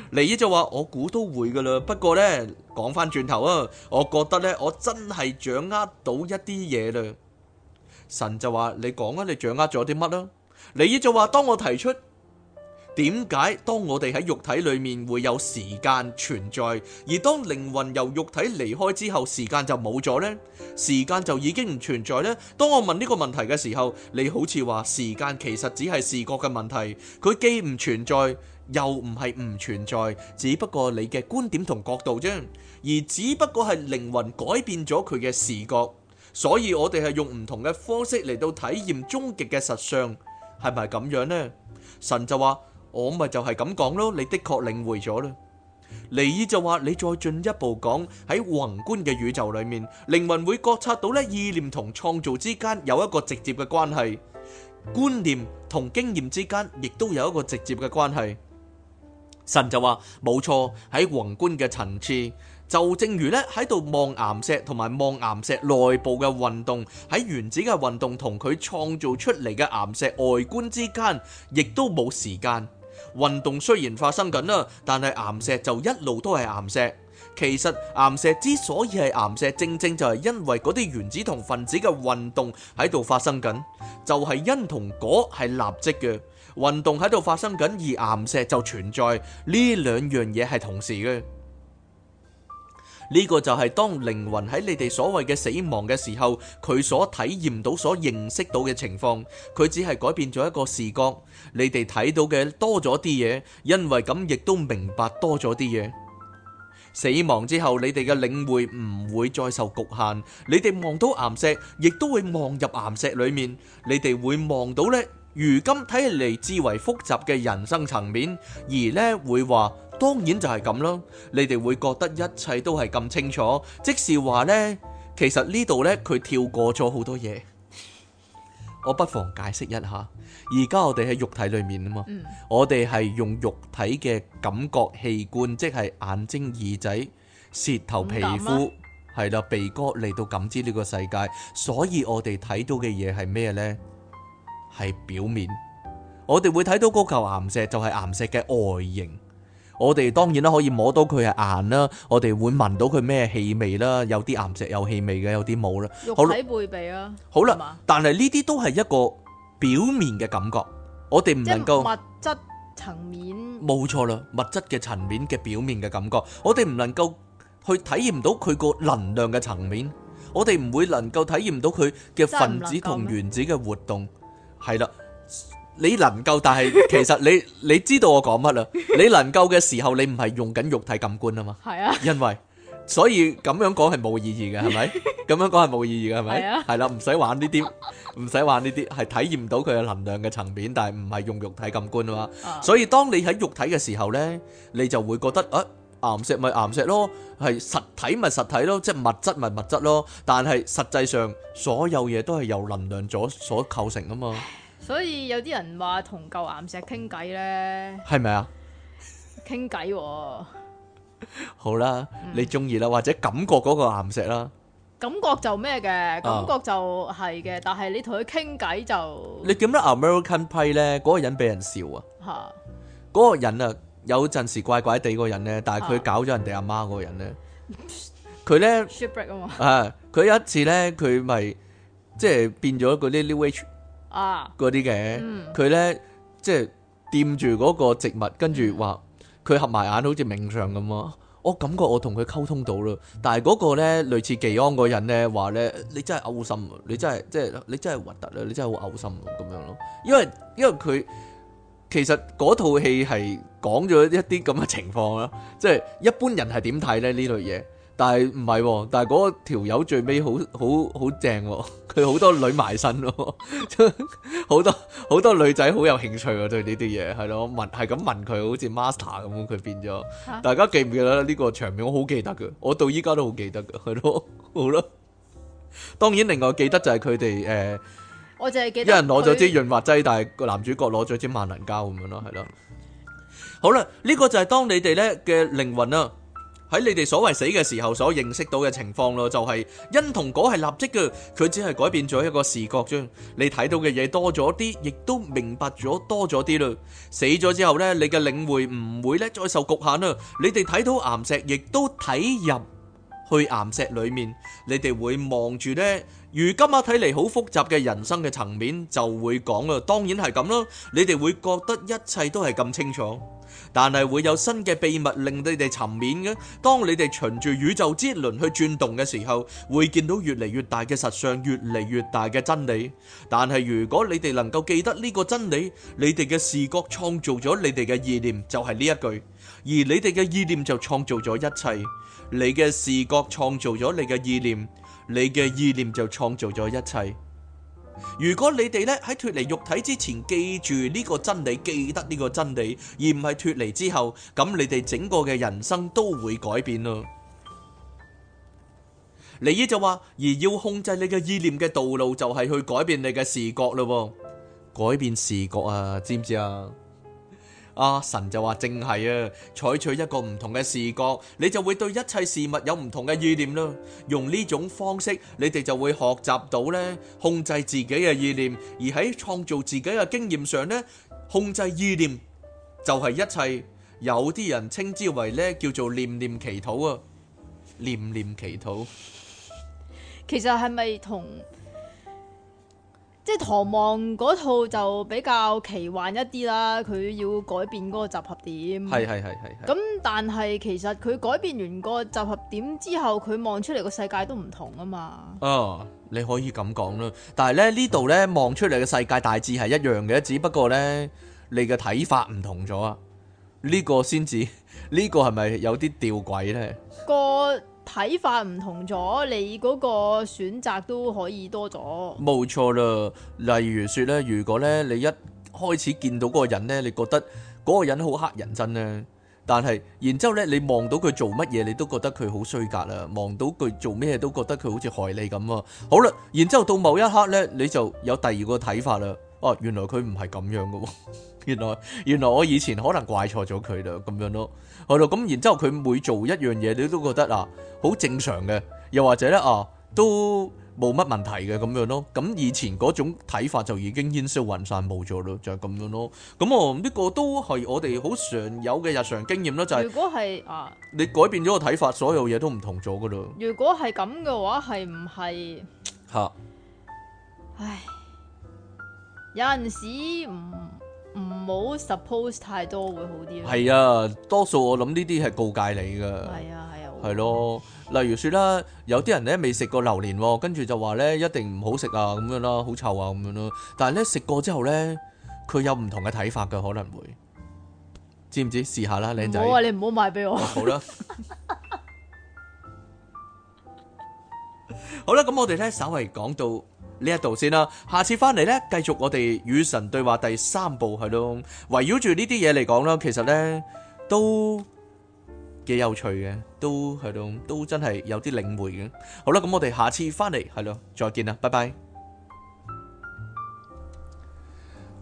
Speaker 2: 利伊就話我估都會噶啦，不過咧講翻轉頭啊，我覺得咧我真係掌握到一啲嘢嘞。神就話，你講啊，你掌握咗啲乜啦？利伊就話，當我提出。點解當我哋喺肉體裏面會有時間存在，而當靈魂由肉體離開之後，時間就冇咗呢？時間就已經唔存在呢？當我問呢個問題嘅時候，你好似話時間其實只係視覺嘅問題，佢既唔存在又唔係唔存在，只不過你嘅觀點同角度啫，而只不過係靈魂改變咗佢嘅視覺，所以我哋係用唔同嘅方式嚟到體驗終極嘅實相，係咪咁樣呢？神就話。我咪就係咁講咯，你的確領會咗啦。尼爾就話，你再進一步講，喺宏觀嘅宇宙裏面，靈魂會覺察到咧，意念同創造之間有一個直接嘅關係，觀念同經驗之間亦都有一個直接嘅關係。神就話，冇錯，喺宏觀嘅層次，就正如咧喺度望岩石同埋望岩石內部嘅運動，喺原子嘅運動同佢創造出嚟嘅岩石外觀之間，亦都冇時間。運動雖然發生緊啦，但係岩石就一路都係岩石。其實岩石之所以係岩石，正正就係因為嗰啲原子同分子嘅運動喺度發生緊，就係因同果係立即嘅運動喺度發生緊，而岩石就存在，呢兩樣嘢係同時嘅。呢個就係當靈魂喺你哋所謂嘅死亡嘅時候，佢所體驗到、所認識到嘅情況，佢只係改變咗一個視覺，你哋睇到嘅多咗啲嘢，因為咁亦都明白多咗啲嘢。死亡之後，你哋嘅領會唔會再受局限。你哋望到岩石，亦都會望入岩石裏面，你哋會望到呢，如今睇嚟，至為複雜嘅人生層面，而呢會話。當然就係咁咯，你哋會覺得一切都係咁清楚，即是話呢，其實呢度呢，佢跳過咗好多嘢。我不妨解釋一下，而家我哋喺肉體裏面啊嘛，嗯、我哋係用肉體嘅感覺器官，即係眼睛、耳仔、舌頭、皮膚、係啦，鼻哥嚟，到感知呢個世界。所以我哋睇到嘅嘢係咩呢？係表面，我哋會睇到嗰嚿岩石就係、是、岩石嘅外形。我哋當然啦，可以摸到佢係硬啦，我哋會聞到佢咩氣味啦，有啲岩石有氣味嘅，有啲冇啦。肉體背背啦，好啦，但係呢啲都係一個表面嘅感覺，我哋唔能夠。即係物
Speaker 1: 質層面。
Speaker 2: 冇錯啦，物質嘅層面嘅表面嘅感覺，我哋唔能夠去體驗到佢個能量嘅層面，我哋唔會能夠體驗到佢嘅分子同原子嘅活動，係啦。你能夠，但係其實你 你知道我講乜啦？ 你能夠嘅時候，你唔係用緊肉體感官啊嘛？係啊。因為所以咁樣講係冇意義嘅，係咪？咁 樣講係冇意義嘅，係咪？係啊。 係啦，唔使玩呢啲，唔使玩呢啲，係體驗到佢嘅能量嘅層面，但係唔係用肉體感官啊嘛。 所以當你喺肉體嘅時候呢，你就會覺得，誒、啊，岩石咪岩石咯，係實體咪實體咯，即係物質咪物質咯。但係實際上所有嘢都係由能量所所構成啊嘛。
Speaker 1: 所以有啲人話同舊岩石傾偈咧，係咪啊？傾偈，
Speaker 2: 好啦，你中意啦或者感覺嗰個岩石啦，嗯，
Speaker 1: 感覺就咩嘅，感覺就係嘅，但係你同佢傾偈就，
Speaker 2: 你見到 American Pie 咧，嗰個人俾人笑啊，嗰個人啊，有陣時怪怪地個人咧，但係佢搞咗人哋阿媽嗰個人咧，佢咧，啊，佢有一次咧，佢咪即係變咗嗰啲 new age。啊！嗰啲嘅，佢咧、嗯、即係掂住嗰個植物，跟住話佢合埋眼，好似冥想咁咯。我感覺我同佢溝通到咯，但係嗰個咧類似技安個人咧話咧，你真係嘔心啊！你真係即係你真係核突啊！你真係好嘔心啊！咁樣咯，因為因為佢其實嗰套戲係講咗一啲咁嘅情況啦，即係一般人係點睇咧呢類嘢？但係唔係喎，但係嗰條友最尾好好好正喎，佢 好多女埋身咯，好 多好多女仔好有興趣喎，對呢啲嘢係咯，問係咁問佢，好似 Master 咁，佢變咗。大家記唔記得呢個場面？我好記得嘅，我到依家都好記得嘅，佢都好啦。當然，另外我記得就係佢哋誒，呃、我淨係記得一人攞咗支潤滑劑，他但係個男主角攞咗支萬能膠咁樣咯，係咯。好啦，呢、呢個就係當你哋咧嘅靈魂啊。喺你哋所謂死嘅時候所認識到嘅情況咯，就係，就係因同果係立即嘅，佢只係改變咗一個視覺啫。你睇到嘅嘢多咗啲，亦都明白咗多咗啲啦。死咗之後咧，你嘅領會唔會咧再受局限啊？你哋睇到岩石，亦都睇入，去岩石裏面，你哋會望住呢。如今啊睇嚟好複雜嘅人生嘅層面，就會講啦。當然係咁啦，你哋會覺得一切都係咁清楚，但係會有新嘅秘密令你哋沉眠嘅。當你哋循住宇宙之輪去轉動嘅時候，會見到越嚟越大嘅實相，越嚟越大嘅真理。但係如果你哋能夠記得呢個真理，你哋嘅視覺創造咗你哋嘅意念，就係呢一句。而你哋嘅意念就創造咗一切。你嘅視覺創造咗你嘅意念，你嘅意念就創造咗一切。如果你哋咧喺脫離肉體之前記住呢個真理，記得呢個真理，而唔係脫離之後，咁你哋整個嘅人生都會改變咯。尼爾就話，而要控制你嘅意念嘅道路就係去改變你嘅視覺咯，改變視覺啊，知唔知啊？阿、啊、神就話，正係啊，採取一個唔同嘅視角，你就會對一切事物有唔同嘅意念咯。用呢種方式，你哋就會學習到咧控制自己嘅意念，而喺創造自己嘅經驗上咧，控制意念就係一切。有啲人稱之為咧叫做念念祈禱啊，念念祈禱。
Speaker 1: 其實係咪同？即係唐望嗰套就比較奇幻一啲啦，佢要改變嗰個集合點。係係係係。咁但係其實佢改變完個集合點之後，佢望出嚟個世界都唔同啊嘛。
Speaker 2: 啊、哦，你可以咁講啦，但係咧呢度咧望出嚟嘅世界大致係一樣嘅，只不過咧你嘅睇法唔同咗啊。這個這個、是是呢個先至呢個係咪有啲吊詭咧？
Speaker 1: 個。睇法唔同咗，你嗰個選擇都可以多咗。
Speaker 2: 冇錯啦，例如說咧，如果咧你一開始見到嗰個人咧，你覺得嗰個人好黑人憎咧，但係然之後咧你望到佢做乜嘢，你都覺得佢好衰格啦。望到佢做咩都覺得佢好似害你咁啊。好啦，然之後到某一刻咧，你就有第二個睇法啦。哦、啊，原來佢唔係咁樣嘅喎。 原來原來我以前可能怪錯咗佢咯，咁樣咯，係咯，咁然之後佢每做一樣嘢，你都覺得啊，好正常嘅，又或者咧啊，都冇乜問題嘅，咁樣咯。咁以前嗰種睇法就已經煙消雲散冇咗咯，就係、是、咁樣咯。咁、這個、我呢個都係我哋好常有嘅日常經驗咯，就係如
Speaker 1: 果係啊，
Speaker 2: 你改變咗個睇法，所有嘢都唔同咗噶啦。
Speaker 1: 如果係咁嘅話，係唔係吓？哈唉，有陣時唔～唔好 suppose 太多，會好啲
Speaker 2: 咯。係啊，多數我諗呢啲係告誡你噶。係啊，係啊。係咯，例如説啦，有啲人咧未食過榴槤，跟住就話咧一定唔好食啊，咁樣啦，好臭啊，咁樣咯。但係咧食過之後咧，佢有唔同嘅睇法嘅，可能會知唔知？試下啦，靚仔。我話
Speaker 1: 你唔好買俾我。
Speaker 2: 好啦。好啦，咁我哋咧稍微講到。呢一度先啦，下次翻嚟咧，繼續我哋與神對話第三部係咯，圍繞住呢啲嘢嚟講啦，其實咧都幾有趣嘅，都係咯，都真係有啲領會嘅。好啦，咁我哋下次翻嚟係咯，再見啦，拜拜。